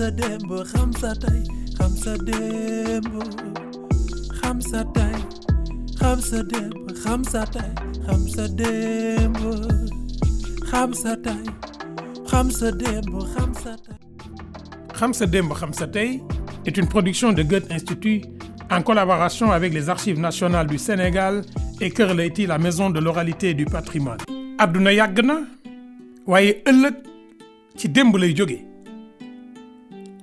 sa xam sa tey xam sa tey xam production de Goethe Institut en collaboration avec les Archives nationales du Sénégal et Kër Leyti la maison de l'oralité et du patrimoine. àdduna yàgg na waaye ëllëg ci démb lay jóge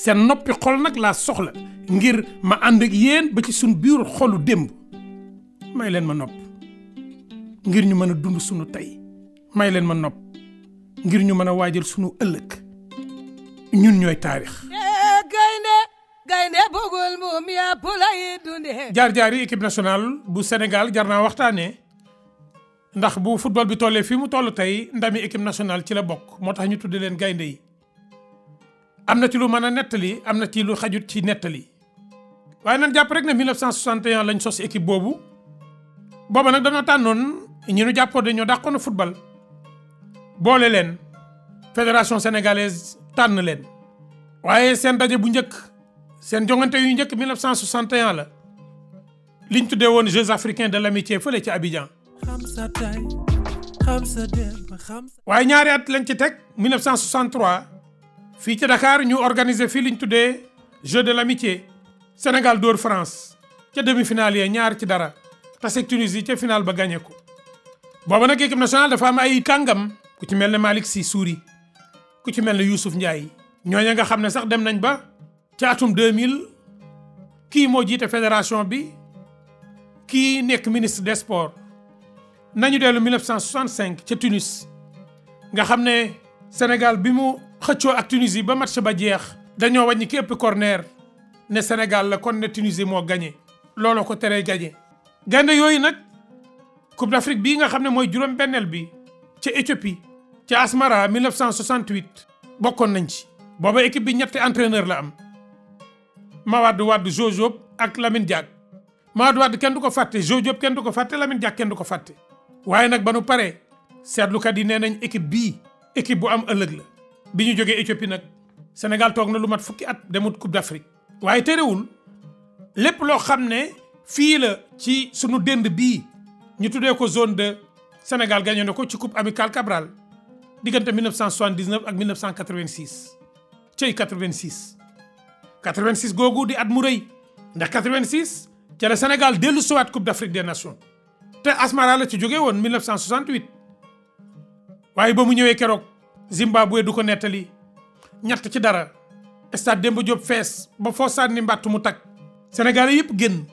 seen noppi xol nag laa soxla ngir ma ànd ak yéen ba ci suñ biir xolu démb may leen ma nopp ngir ñu mën a dund sunu tey may leen ma nopp ngir ñu mën a waajal sunu ëllëg ñun ñooy taarix. gaynde gaynde bugul moom yaa lay dundee. jaar-jaar yi équipe nationale bu Sénégal jar naa waxtaanee ndax bu football bi tollee fii mu toll tey ndami équipe nationale ci la bokk moo tax ñu tuddee leen gaynde yi. am na ci lu mën a nettali am na ci lu xajut ci nettali waaye nan jàpp rek ne 1961 lañ sos équipe boobu booba nag dañoo tànnoon ñi nu jàppoo dañoo dàqoon football boole leen fédération sénégalaise tànn leen. waaye seen daje bu njëkk seen jongante yu njëkk 1961 la liñ tuddee woon Jeux africains de l'amitié fële ci Abidjan. waaye ñaari at lañ ci teg 1963. fii ci Dakar ñu organiser fii liñ tuddee jeu de l'amitié Sénégal dóor France ca demi-finale ya ñaar ci dara taseeg yi ca finale ba gagné ko. booba nag équipe nationale dafa am ay kàngam ku ci mel ne Malick Sy Souris ku ci mel ne Youssouf Ndiaye ñooña nga xam ne sax dem nañ ba ca atum 2000 kii moo jiite fédération bi kii nekk ministre des sports nañu dellu 1965 ca Tunis nga xam ne Sénégal bi mu. xëccoo ak Tunisie ba match ba jeex dañoo wàññi ki ëpp corner ne Sénégal la kon ne Tunisie moo gagné looloo ko teree gagné. gaynde yooyu nag coupe d'Afrique bii nga xam ne mooy juróom-benneel bi ca Éthiopie ca Asmara 1968 bokkoon nañ ci. booba équipe bi ñetti entraîneur la am Mawade Wade Jojo ak Lamine Diack Mawade Wade kenn du ko fàtte Jojo kenn du ko fàtte Lamine Diack kenn du ko fàtte. waaye nag ba nu paree seetlukat yi nee nañ équipe bii équipe bu am ëllëg la. bi ñu jógee Éthiopie nag Sénégal toog na lu mat fukki at demut Coupe d'Afrique waaye terewul lépp loo xam ne fii la ci sunu dend bi ñu tuddee ko zone de Sénégal gagné na ko ci coupe amicale Cabral diggante 1979 ak 1986 cey 86. 86 googu di at mu rëy ndax 86 ca la Sénégal dellu suwaat coupe d'Afrique des nations te Asmara la ci jógee woon 1968 waaye ba mu ñëwee keroog. Zimbabwe du ko nettali ñett ci dara stade Demba Diop fees ba foo sànni mbàtt mu takk Sénégalais yëpp génn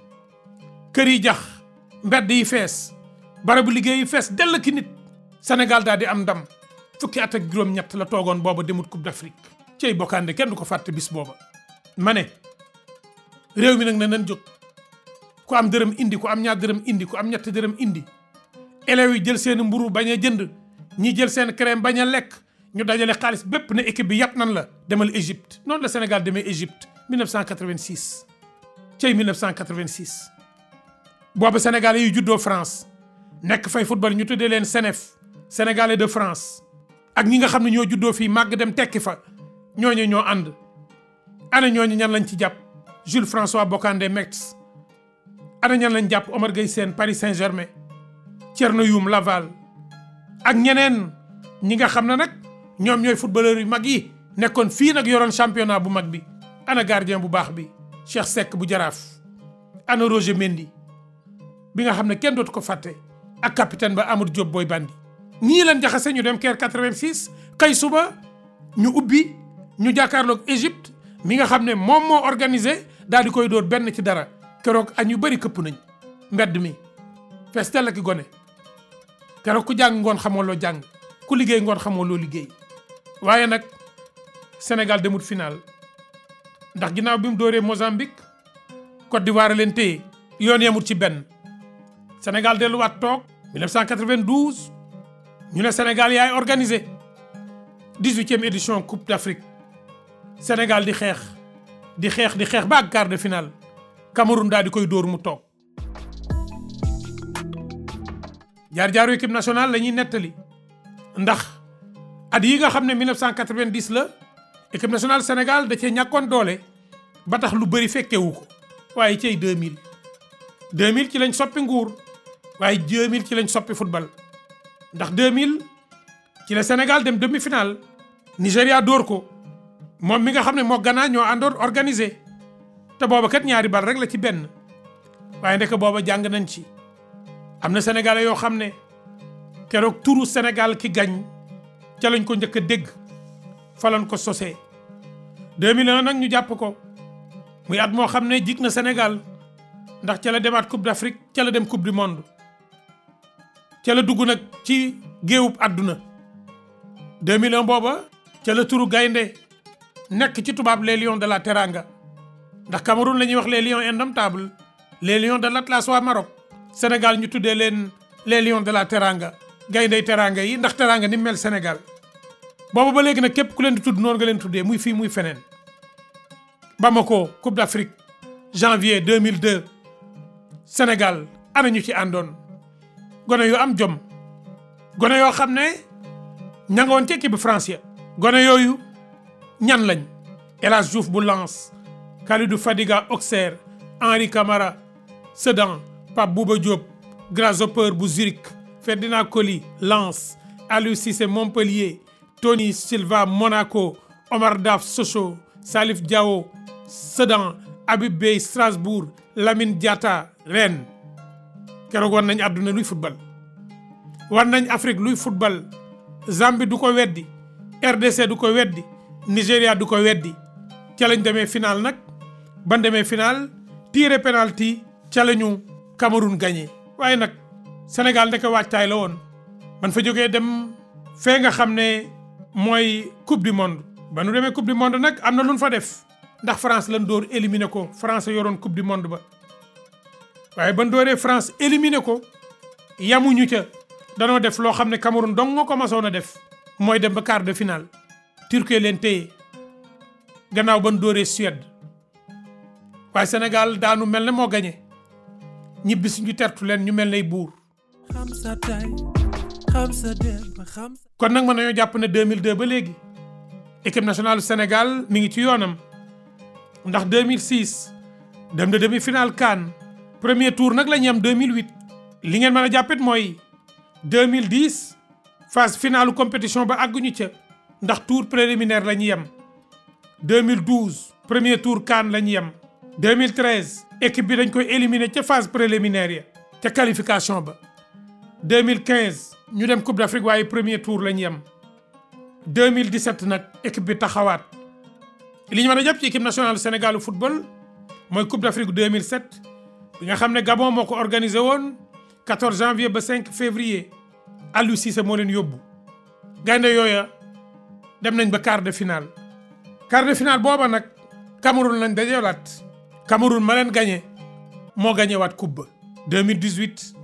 kër yi jax mbedd yi fees bu liggéey yi fees dell ki nit Sénégal daal di am ndam fukki at ak juróom-ñett la toogoon booba demut Coupe d'Afrique cey bokkaande kenn du ko fàtte bis booba ma ne réew mi nag ne nan jóg ku am dërëm indi ku am ñaar dërëm indi ku am ñetti dërëm indi élèves yi jël seen mburu bañ a jënd ñi jël seeni crème bañ a lekk ñu dajale xaalis bépp na équipe bi yat nan la demal Égypte noonu la Sénégal demee Égypte 1986 cey 1986 boobu sénégalais yu juddoo France nekk fay football ñu tëddee leen Senef sénégalais de France ak ñi nga xam ne ñoo juddoo fii màgg dem tekki fa ñooñu ñoo ànd ana ñooñu ñan lañ ci jàpp Jules francois Bocandé Metz ana ñan lañ jàpp Omar Gueye Paris Saint-Germain Thierno Youm Laval ak ñeneen ñi nga xam ne nag ñoom ñooy footballeur yi mag yi nekkoon fii nag yoroon championnat bu mag bi ana gardien bu baax bi Cheikh Seck bu jaraaf ana Roger Mendy bi nga xam ne kenn dootu ko fàtte ak capitaine ba Amadou Diop Boy Bandi ñii leen jaxase ñu dem Caire 86 kay suba ñu ubbi ñu jàkkaarloog Égypte mi nga xam ne moom moo organisé daal di koy dóor benn ci dara keroog añ yu bëri këpp nañ mbedd mi festel ak gone keroog ku jàng ngoon xamoo loo jàng ku liggéey ngoon xamoo loo liggéey waaye nag Sénégal demut final ndax ginnaaw bi mu dóoree Mozambique Côte d'Ivoire leen téye yoon yemut ci benn Sénégal delluwaat toog 1992 ñu ne Sénégal yaay organisé 18e édition Coupe d'Afrique Sénégal di xeex di xeex di xeex ba ak final de finale di koy dóor mu toog jaar-jaaru équipe nationale lañuy nettali ndax at yi nga xam ne 1990 la équipe nationale Sénégal da cee ñàkkoon doole ba tax lu bëri fekkewu ko waaye cay 2000 2000 ci lañ soppi nguur waaye 2000 ci lañ soppi football ndax 2000 ci la Sénégal dem demi-finale Nigéria dóor ko moom mi nga xam ne moo Ghana ñoo àndoon organisé te booba kat ñaari bal rek la ci benn waaye ndeke booba jàng nañ ci am na sénégalais yoo xam ne keroog turu Sénégal ki gañ ca lañ ko njëkk a dégg falan ko sosee 2001 nag ñu jàpp ko muy at moo xam ne jig na Sénégal ndax ca la demaat coupe d'Afrique ca la dem coupe du monde ca la dugg nag ci géewub àdduna 2001 booba ca la turu gaynde nekk ci tubaab les lion de la Teranga ndax Cameroun la ñuy wax lion lions indomptables les lion de l'Atlas waa Maroc Sénégal ñu tuddee leen les lion de la Teranga gayndey teraanga yi ndax teraanga ni mel senegal boobu ba léegi nag képp ku leen di tudd noonu nga leen tuddee muy fii muy feneen Bamako Coupe d'Afrique janvier 2002 Sénégal ana ñu ci àndoon gone yu am jom gone yoo xam ne ña nga woon ci équipe France ya gone yooyu ñan lañ El Hadj Diouf bu Lens Kalidou Fadiga Auxerre Henri Camara Sedan Pape Bouba Diop Grasshopper bu Zurich Ferdinand Coly Lens Aliou Cissé Montpellier Tony Silva Monaco Omar Daf Sochaux Salif Diao Sedan Habib Beye Strasbourg Lamine Diatta Rennes keroog war nañ àdduna luy football war nañ Afrique luy football Zambie du ko weddi RDC du ko weddi Nigéria du ko weddi ca lañ demee final nag ban demee final tiré penalty ca waaye nag. Sénégal ndeke waajtaay la woon ban fa jógee dem fee nga xam ne mooy coupe du monde ba nu demee coupe du monde nag am na lu ñu fa def ndax France lan dóor éliminé ko France yoroon coupe du monde ba waaye ban dooree France éliminé ko yamuñu ca danoo def loo xam ne Cameroun dong nga ko a def mooy dem ba quart de finale Turquie leen téye gannaaw ba ban dooree Suède waaye Sénégal daanu mel ne moo gañe ñibbi suñu tertu leen ñu mel ne buur xam sa tay xam sa kon nag mën nañoo jàpp ne 2002 ba léegi équipe nationale Sénégal mi ngi ci yoonam ndax 2006 dem na demi-finale kaan premier tour nag la ñu am 2008 li ngeen mën a jàppit mooy 2010 phase finale compétition ba àgguñu ca ndax tour préliminaire la ñu yem 2012 premier tour CAN la ñu yem 2013 équipe bi dañ koy éliminer ca phase préliminaire ya ca qualification ba 2015 ñu dem Coupe d'Afrique waaye premier tour la ñu yem 2017 nag équipe bi taxawaat li ñu mën a jàpp ci équipe nationale Sénégal football mooy Coupe d'Afrique 2007 bi nga xam ne Gabon moo ko organisé woon 14 janvier ba 5 février Aliou Cissé moo leen yóbbu. gaynde yooya dem nañ ba quart de finale quart de finale booba nag Cameroun lañ dajeelaat Cameroun ma leen gagné moo gagné waat coupe ba 2018.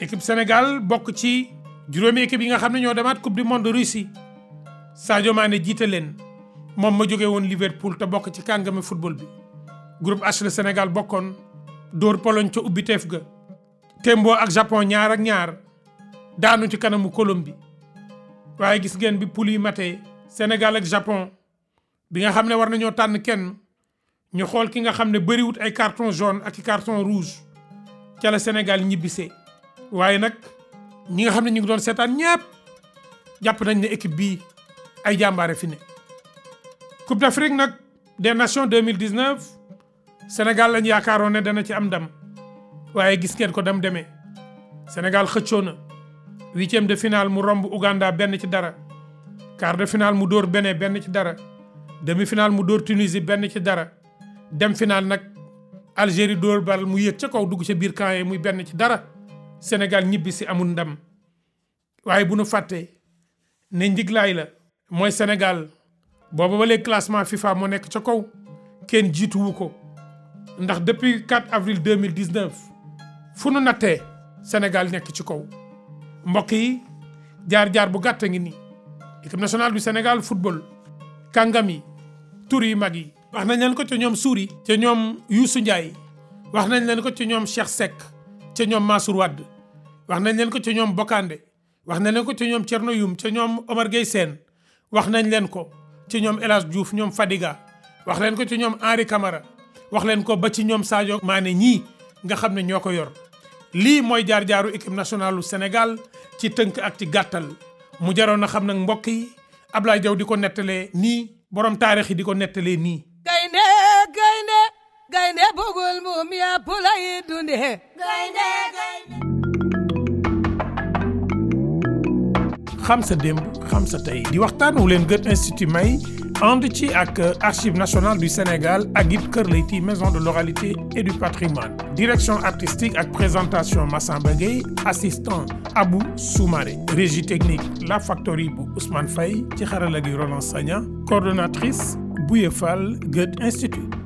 équipe Sénégal bokk ci juróomi équipe yi nga xam ne ñoo demaat coupe du monde Russie Sadio jiite leen moom ma jóge woon Liverpool te bokk ci kàngami football bi. groupe H la Sénégal bokkoon dóor poloñ ca ubbi teef ga. Tembo ak Japon ñaar ak ñaar daanu ci kanamu kolom bi waaye gis ngeen bi poule yi matee Sénégal ak Japon bi nga xam ne war nañoo tànn kenn ñu xool ki nga xam ne bëriwut ay carton jaune ak i carton rouge ca Sénégal ñibbisee. waaye nag ñi nga xam ne ñu ngi doon seetaan ñëpp jàpp nañ ne équipe bii ay jàmbaare fi ne. Coupe d'Afrique nag des Nations 2019 Sénégal yaakaaroon ne dana ci am ndam waaye gis ngeen ko dam demee Sénégal xëccoo na huitième de finale mu romb Ouganda benn ci dara quart de finale mu dóor benee benn ci dara demi-finale mu dóor Tunisie benn ci dara dem finale nag Algérie dóor bal mu yéeg ca kaw dugg ca biir camp muy benn ci dara. Sénégal ñibbi si amul ndam waaye bu nu fàttee ne njiglaay la. mooy Sénégal booba ba léegi classement FIFA moo nekk ca kaw kenn jiituwu ko ndax depuis 4 avril 2019 fu nu nattee Sénégal nekk ci kaw mbokk yi jaar-jaar bu gàtt ngi nii équipe nationale du Sénégal football kàngam yi tur yi mag yi. wax nañ leen ko ci ñoom suuri ci ñoom Youssou Ndiaye wax nañ leen ko ci ñoom Cheikh Seck. ca ñoom Mansour Wade wax nañ leen ko ca ñoom Bokande wax nañ leen ko ca ñoom Thierno Youm ca ñoom Omar Gueye Sène wax nañ leen ko ci ñoom El Hadj ñoom Fadiga wax leen ko ci ñoom Henri Camara wax leen ko ba ci ñoom Sadio Mané ñii nga xam ne ñoo ko yor lii mooy jaar-jaaru équipe nationale lu Sénégal ci tënk ak ci gàttal mu jaroon na xam nag mbokk yi Ablaye Diaw di ko nettalee nii borom taarix yi di ko nettalee nii. al moom yaa pulay xam sa démb waxtaan wu leen Goethe Institut may ànd ci ak Archives nationales du Sénégal ak it Kër Leyti maison de l'oralité et du patrimoine direction artistique ak présentation Massamba Gueye assistant Abou Soumaré régie technique La Factory bu Ousmane Faye ci xarala gi Roland Sagna coordonnatrice Goethe Institut